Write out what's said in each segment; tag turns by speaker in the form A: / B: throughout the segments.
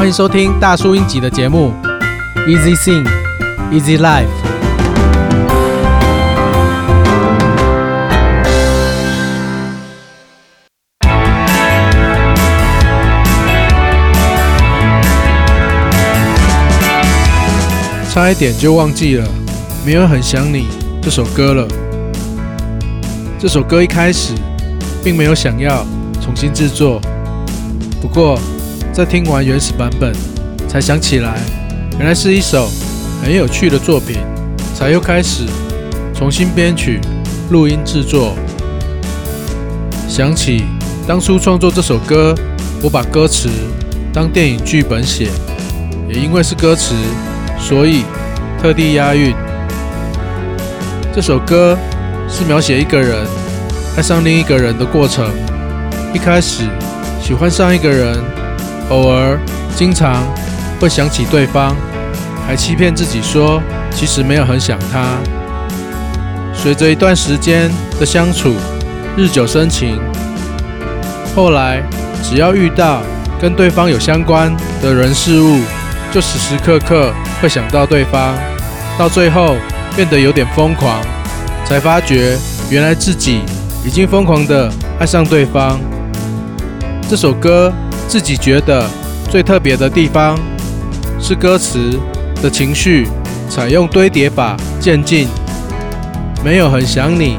A: 歡迎收聽大叔音集的節目《Easy Sing Easy Life》。
B: 差一點就忘記了《沒有很想你》這首歌了。這首歌一開始並沒有想要重新製作，不過……在聽完原始版本，才想起來，原來是一首很有趣的作品。才又開始重新編曲、錄音制作。想起當初創作這首歌，我把歌詞當電影劇本寫，也因為是歌詞，所以特地押韻。這首歌是描寫一個人愛上另一個人的過程。一開始喜歡上一個人。偶爾，經常會想起對方，還欺騙自己說其實沒有很想他。隨着一段時間的相處，日久生情。後來，只要遇到跟對方有相關的人事物，就時時刻刻會想到對方。到最後，變得有點瘋狂，才發覺原來自己已經瘋狂的愛上對方。這首歌。自己覺得最特別的地方是歌詞的情緒採用堆疊法漸進，沒有很想你，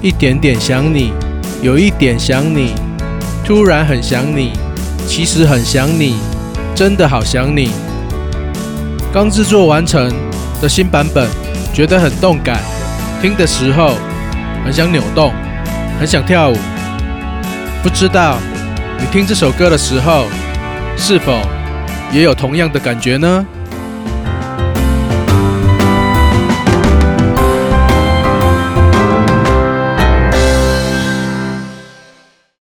B: 一點點想你，有一點想你，突然很想你，其實很想你，真的好想你。剛製作完成的新版本覺得很動感，聽的時候很想扭動，很想跳舞，不知道，你聽這首歌的時候，是否也有同樣的感覺呢？